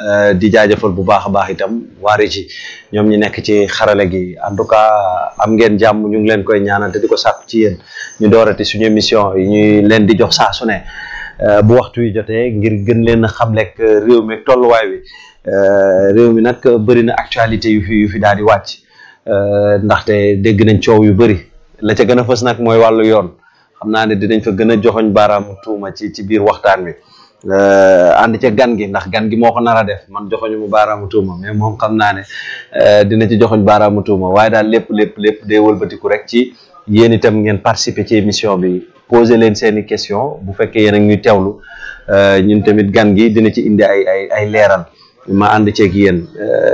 Euh, di jaajëfal bu baax a baax itam waari ci ñoom ñu nekk ci xarale gi en tout cas am ngeen jàmm ñu ngi leen koy ñaanal te di ko sàkku ci yéen ñu doorati suñu émission yi ñuy leen di jox saa su ne euh, bu waxtu wi jotee ngir gën leen a xam lekk euh, réew mi tolluwaay wi réew mi nag bëri na actualité yu fi yu fi daal di wàcc ndaxte dégg nañ coow yu bëri la ca gën a fës nag mooy wàllu yoon xam naa ne dinañ fa gën a joxoñ baaraamu tuuma ci ci biir waxtaan wi Euh, ànd ca gan gi ndax gan gi moo ko nar def man joxoñu mu baaraamu tuuma mais moom xam naa ne euh, dina ci joxoñ baaraamu tuuma waaye daal lépp lépp lépp day wëlbatiku rek ci yéen itam ngeen participer ci émission bi poser leen seeni question bu fekkee yéen ak ñuy teewlu euh, ñun tamit gan gi dina ci indi ay ay ay leeral ma ànd ceeg yéen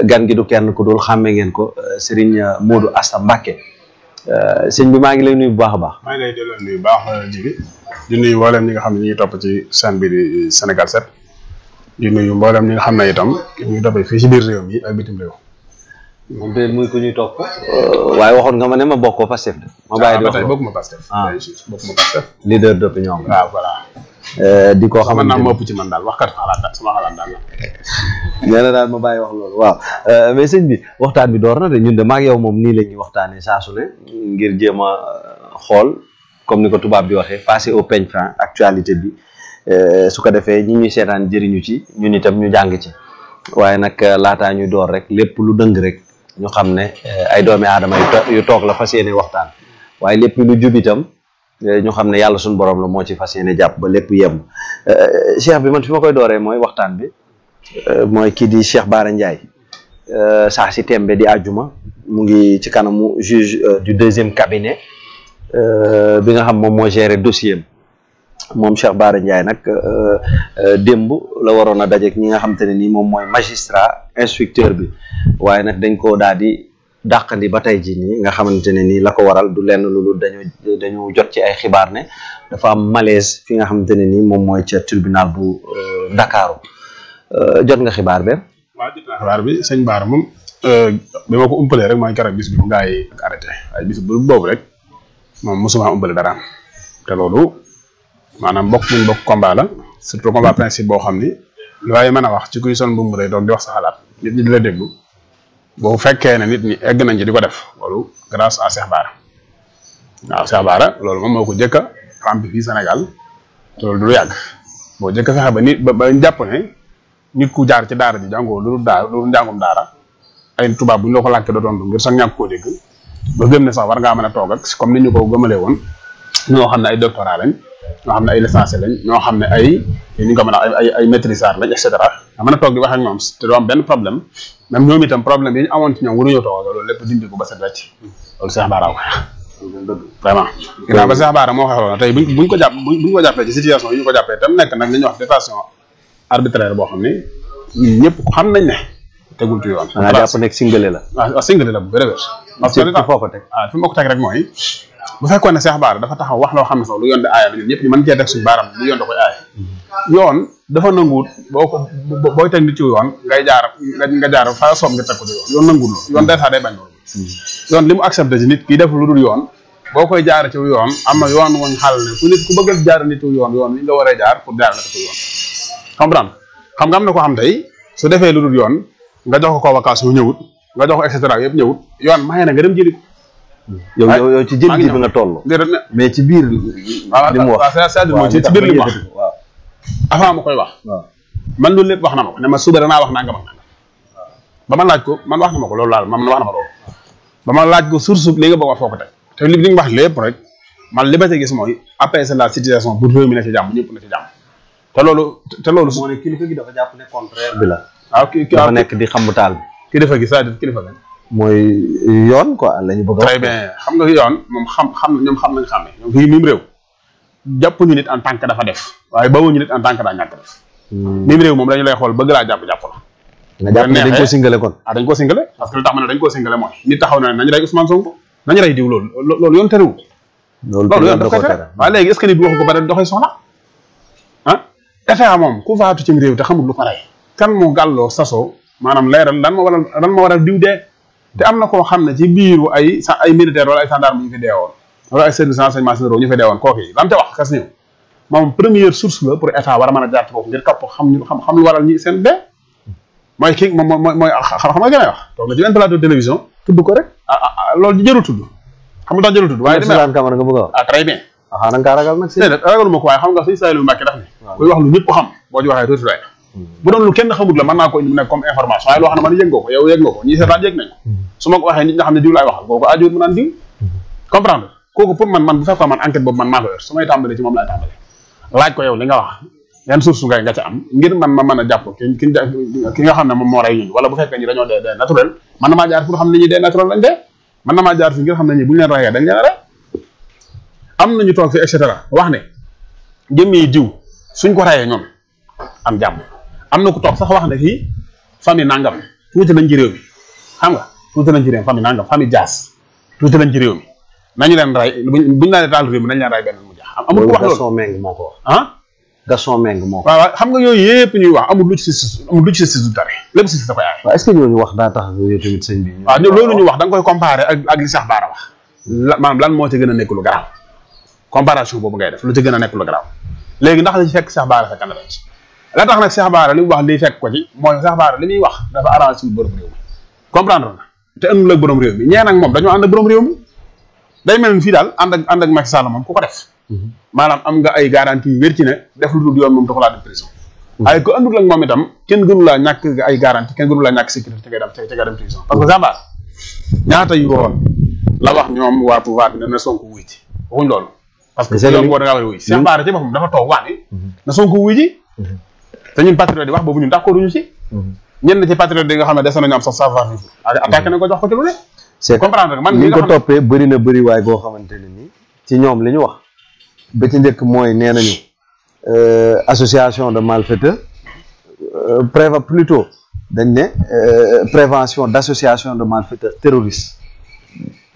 gan gi du kenn ku dul xàmmee ngeen ko Serigne Modou Asta Mbacké Euh, sëñ bi maa ngi lay nuyu bu baax a baax. maa baax euh, jigi di nuyu mboolem ñi nga xam ne ñu ngi topp ci chaîne bi di euh, Sénégal 7 di nuyu mboolem ñi nga xam ne itam ñu ngi toppee fii si biir réew mi ak bitim réew. moom tamit muy ku ñuy topp. waaye waxoon nga ma ne ma bokkoo Pastef. ma bàyyi di wax ma bokkuma Pastef. ah bokkuma Pastef. leader d'opinion. waaw Euh, di ko xamante ne man ëpp ci man daal wax kat xalaat daal sama xalaat daal la. na daal ma bàyyi wax loolu waaw euh, mais bi waxtaan bi door na de ñun de maag yow moom nii la ñuy waxtaanee saa su ne ngir jéem a euh, xool comme ni ko tubaab di waxee passer au peigne fin actualité bi su ko defee ñi ñuy seetaan jëriñu ci ñun itam ñu jàng ci waaye nag laataa ñuy door rek lépp lu dëng rek ñu xam ne ay doomi aadama yu toog la fas yéene waxtaan waaye lépp lu jub itam. Eh, ñoo xam ne yàlla suñu borom la moo ci fas yéene jàpp ba lépp yem eh, cheikh bi man fi ma koy dooree mooy waxtaan bi eh, mooy kii di Cheikh Bara Ndiaye saa si tembe di àjjuma mu ngi ci kanamu juge du deuxième cabinet bi nga xam moom moo géré dossier moom Cheikh Bara Ndiaye nag démb la waroon a dajeek ñi nga xam te ne nii moom mooy magistrat instructeur bi waaye nag dañ koo daal di dàqandi ba tey jii nii nga xamante ne nii la ko waral du lenn loolu dañu dañu jot ci ay xibaar ne dafa am malaise fi nga xamante ne nii moom mooy ca tribunal bu Ndakaaru euh, euh, jot nga xibaar be waaw jot naa xibaar bi sëñ Baara moom euh, bi ma ko umpalee rek mooy keroog bis bi mu gaa yi arrêté ay bis bu moom mosuma umpale dara te loolu maanaam bokk muñ bokk combat la surtout combat principe boo xam ni lu waaye mën a wax ci kuy son bu mu rëy doon di wax sa xalaat nit ñi di la déglu bu fekkee ne nit ñi egg nañ ci di ko def loolu grâce à Cheikh Bara a Cheikh Bara loolu moom moo ko jëkk a rempli fii Sénégal te loolu du lu yàgg boo jëkk a fexe ba nit ba ba jàpp ne nit ku jaar ci daar ji jàngoo lu dul daara lu dul njàngum daara ay tubaab bu ñu la ko làkkee doo ngir sax ñàkk koo dégg ba gëm ne sax war ngaa mën a toog ak comme ni ñu ko gëmalee woon ñoo xam ne ay doctorat lañ ñoo xam ne ay licencié lañ ñoo xam ne ay ñu ko mën a ay ay maîtrisard lañ et cetera nga mën a toog di wax ak te doo benn problème même ñoom itam problème yi ñu amoon ci ñoom waruñoo toog loolu lépp dindi ba set wecc loolu Cheikh Bara ko moo xew loolu tey buñ buñ ko jàpp ko jàppee ci situation yi ñu tam nekk nag li ñuy wax détention arbitraire boo xam ñëpp xam nañ ne tegul ci yoon dangaa nekk singale la ah, la bu bëri wér parce que foo ko teg ah, mooy bu fekkoon ne Cheikh Bara dafa taxaw wax loo xam ne sax lu yoon di aaya bi ñun ñëpp ñu mën teg suñu baaram lu yoon koy aaya yoon dafa nanguwut boo ko booy teg nit ci yoon ngay jaar nga jaar fa soob nga teg ko ci yoon yoon nanguwut loolu yoon day tax day bañ hmm. yoon li mu accepté ci nit kii def lu dul yoon boo koy jaar ci yoon am na yoon woñ xal ne ku nit ku bëgg yoon yoon li war jaar pour jaar la ko ci nga am na ko xam tey su defee lu dul yoon nga jox ko convocation ñëwut nga jox ko et cetera yëpp ñëwut yoon maye na nga dem jëli ko yow yow ci jëli bi nga toll mais ci biir li mu wax c'est-à-dire ci biir li mu wax avant ma koy wax. man loolu lépp wax na ma ko ne ma suba danaa wax na nga ma ba ma laaj ko man wax na ma ko loolu laal man wax na ma loolu. ba ma laaj ko source li nga bëgg a foo ko te li li nga wax lépp rek man li ma ci gis mooy apaiser la situation pour réew mi na ci jàmm ñëpp na ci jàmm. te loolu te loolu. moo ne kilifa gi dafa jàpp ne contraire bi la. waaw ah, ki dafa nekk di xambu taal bi. kilifa gi kilifa gi. mooy yoon quoi la ñu bëgg a. très bien xam nga yoon moom xam xam ñoom xam nañ xàmme ñoom fii mim réew. jàppuñu nit en tant que dafa def waaye bawuñu nit en tant que daa ñàkk def hmm. mim réew moom dañu lay xool bëgg laa jàpp-jàpp la nga jàpp ne dañ ko singale kon ah dañ ko singale parce que lu tax ma ne dañ ko singale mooy nit taxaw na ne nañu rey Ousmane Sonko nañu rey diw loolu loolu yoon terewul loolu yoon dafa tere waaye léegi est-ce que nit bi waxu ko ba dem doxee soxla ah état moom ku faatu ci réew te xamul lu ko rey kan moo gàlloo sasoo maanaam leeral lan ma waral lan ma waral diw dee te am na koo xam ne ci biiru ay ay militaire wala ay gendarme ñu fi deewoon wala ay service renseignement généraux ñu fay deewoon kooku yi lam ca wax xas ñëw moom première source la pour état war a mën a jaar ci foofu ngir kapp xam tudd ko rek ah, ah, ah, loolu tudd waaye Souleymane Camara nga bëgg waaye xam nga suñu Saliou lu ñëpp ko xam boo ci waxee hmm. lu kenn xam ne man hmm. xam ne diw laay waxal boo ko ajuut diw hmm. comprendre kooku pour man man bu fekkoon man enquête boobu man maa ko yow li nga wax yan source nga nga ca am ngir man ma mën a jàpp ki ki nga xam ne moom moo rey ñun wala bu fekkee ñi dañoo dee dee naturel man na maa jaar na maa jaar fi ngir xam ne ñi bu ñu leen rayee dañ leen a rey am nañu toog fi et cetera wax ne jëmmi jiw suñ ko rayee ñoom am jàmm am na ku toog sax wax ne fii famille nangam tuuti nañ ci réew mi xam nga tuuti nañ ci réew famille nangam famille jaas tuuti nañ ci réew mi nañu leen ray buñ laa ne taal réew mi nañu leen ray benn mu jeex amul ko wax loolu ah? yooyu yëpp ñuy wax amul lu ci si amul lu da koy aaye est wax ñu wax da nga koy comparé ak ak li Cheikh Bara wax maanaam lan moo ci gën a nekk lu garaaw comparaison boobu ngay def lu ci gën a nekk lu garaaw léegi ndax li fekk sax Bara fekk na la tax nag Cheikh Bara li mu wax li fekk ko ci mooy Cheikh Bara li muy wax dafa arrangé wu borom réew mi comprendre moom dañoo ànd borom réew mi day mel ni fii daal ànd ak ànd ak moom ku ko def mhm. maanaam am nga ay garantie yu wér ci ne def lu dul yoon moom taxu dem prison mhm. waaye ko andul kenn gënu laa ñàkk ay garantie kenn gënu laa ñàkk sécurité te que ñaata yu woon la wax ñoom waa pouvoir bi ne na Sonko wuy ci waxuñ loolu parce que yoon boo da ngaa war a wuy hmm? ci mhm. te ñun patriote yi wax boobu ñun d'accord uñu ci ñenn ci patriote yi nga xam ne des nañu am sax savoir vivre attaqué nañ ko ko ci lu c'est comprendre man li nga ko toppee bëri na bëri boo xamante ne ni ci ñoom li ñu wax ba ci njëkk mooy nee nañu euh, association de malfaiteurs euh, préva plutôt dañ ne euh, prévention d'association de malfaiteurs terroristes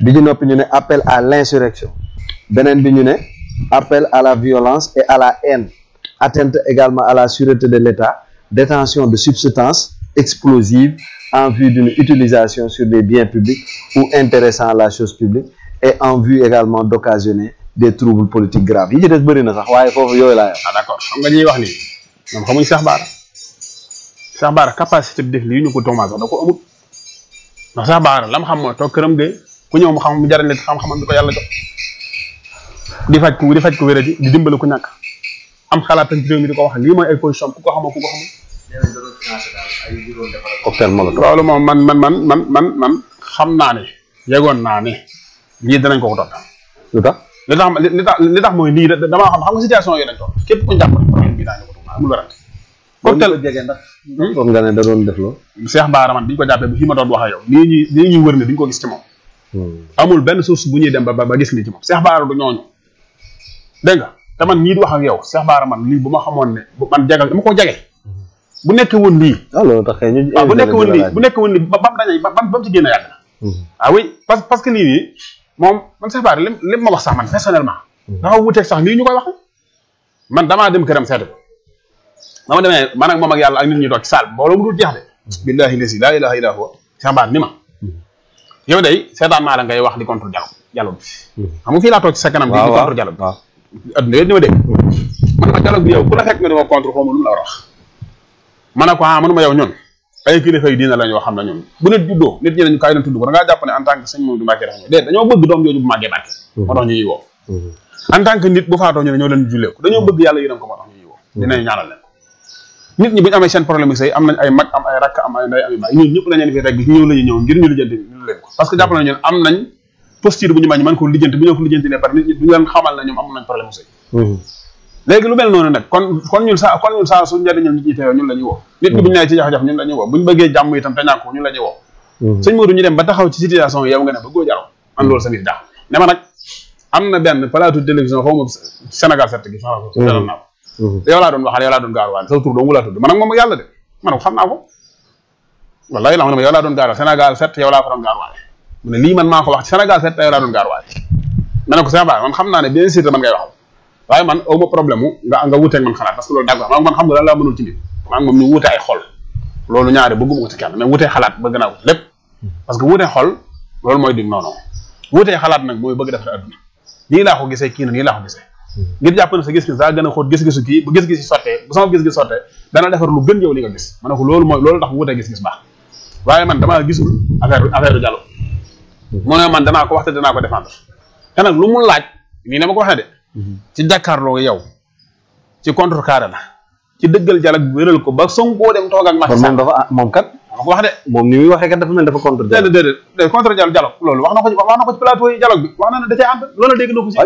bi ñu noppi ñu ne appel à l'insurrection beneen bi ñu ne appel à la violence et à la haine atteinte également à la surete de l'État détention de substances explosive en vue d'une utilisation sur des biens publics ou intéressant la chose publique et en vue également d'occasionner des troubles politiques graves yi ci des bari na sax waaye foofu yooyu laa yor. Ah, xam nga ñuy wax ni ñoom xamuñ Cheikh capacité bi def lii ñu la xam mooy toog këram gay ku ñëw mu xam mu jaral xam-xamam bi ko yàlla jox di faj ku di faj ku wéradi di dimbali ku ñàkk am xalaat ak réew mi di ko wax lii mooy ay position ku ko xamoo ku ko xamul. cocktail molotov loolu moom man man man man man man xam naa ne yegoon naa ne lii danañ ko ko topp lu tax li tax li tax li tax mooy lii damaa xam xam nga situation yooyu lañ topp képp ku jàpp problème bi daañu ko tuumaal amul werante cocktail jege hmm? da doon def loo Cheikh Bara man bi ñu ko jàppee bu fi ma doon wax ak yow lii ñuy lii ñuy wër ne duñ ko gis ci moom hmm. amul benn suus bu ñuy dem ba ba gis ni ci moom Cheikh Bara du ñooñu dégg nga te man ñii di wax ak yow Cheikh Bara man lii bu ma xamoon ne man jagal dama koo jege bu nekk woon lii. ah loolu tax kay ñu. Ah, bu nekk woon lii bu nekk woon lii ba bam dañuy ba bam ci génn yàgg na. Mm-hmm. ah oui parce parce que lii nii moom man sax baar li ma wax sax man personnellement. Mm-hmm. dafa wuuteeg sax lii ñu koy wax man damaa dem këram seetu ko. ba ma demee man ak moom ak yàlla ak nit ñi toog ci saal mbooloo mu dul jeex de. billahi lesi laa ilaha illa huwa sax baar ni ma. Mm-hmm. yow day seetaan naa la ngay wax di contre dialogue dialogue bi. xam nga fii laa toog ci sa kanam. waaw waaw di contre dialogue bi. adduna yëpp ni ma dégg. man ma dialogue bi yow ku la fekk nga di ma contre xaw ma lu mu la war a wax ma ne ko ah manuma yow ñun ay kilifa yu diina la ñoo xam ne ñun bu nit juddoo nit ñi nañu kaay na tudd ko da ngaa jàpp ne en tant que sëñ moom du Mbàkke raxma déet dañoo bëgg doom jooju bu màggee barke mm-hmm. moo tax ñuy woo mm-hmm. en tant que nit bu faatoo ñu ne ñoo leen jullee ko dañoo bëgg yàlla yërëm ko moo tax ñuy woo mm-hmm. dinañ ñaanal leen nit ñi bu ñu amee seen problème yi say am nañ ay mag am ay rakk am ay ndey am ay baay ñun ñëpp lañ leen fi rek ñëw lañu ñëw ngir ñu lijjanti ñu leen ko parce que jàpp nañ ñun am nañ posture bu ñu màñ mën ko lijjanti bu ñu ko lijjanti ne par nit ñi du ñu leen xamal ne ñoom am nañ problème say léegi lu mel noonu nag kon kon ñun saa kon ñun saa su njëriñam nit ñi teewoo ñun la ñuy woo nit ki bu ñu nee ci jax-jax ñun la ñuy woo buñu bëggee jàmm itam te ñàkk ñun la ñuy woo mhm. sëñ Modou ñu dem ba taxaw ci situation yow nga ne bëggoo jaraw man loolu sa biir jaax ne ma nag am na benn plateau télévision xaw ma Sénégal set gi dalal naa ko mhm. Mhm. yow laa doon waxal yow laa doon gaaruwaale sa tur dong laa tudd man ak moom yàlla de man ko xam naa ko wallaay la ma ne ma yow laa doon gaaruwaale Sénégal set yow laa ko doon gaaruwaale mu ne lii man maa ko wax ci Sénégal set yow laa doon gaaruwaale ma ne ko sa baax man xam naa ne bien sûr man ngay waxal waaye man aw ma problème mu nga nga wuuteeg man xalaat parce que loolu d'accord maa ngi man xam nga mënul ci nit maa moom ñu wuute ay xol loolu ñaare bëgguma ko ci kenn mais bëgg naa lépp parce que wuutee xol loolu mooy dig noono wuutee xalaat nag mooy bëgg defar adduna nii laa ko gisee kii na nii laa ko gisee jàpp na sa gis-gis daa gën a xóot gis-gisu kii bu gis-gis sottee bu sama gis-gis sottee li nga gis ne ko loolu mooy loolu tax wuutee gis-gis baax waaye man damaa gisul affaire affaire du jàllu ne man danaa ko waxte danaa ko défendre te nag lu mu laaj nii ne ma ko waxee de ci jàkkaarloo yow ci contre carré la ci dëggal jalak wéral ko ba Sonko dem toog ak Macky Sall moom ah, moom kat wax de moom ni muy waxee kat dafa mel dafa contre déedéet déedéet contre jalak loolu wax na ko wax na ko plateau yi jalak bi wax na ne da cee ànd loolu dégg na ko ci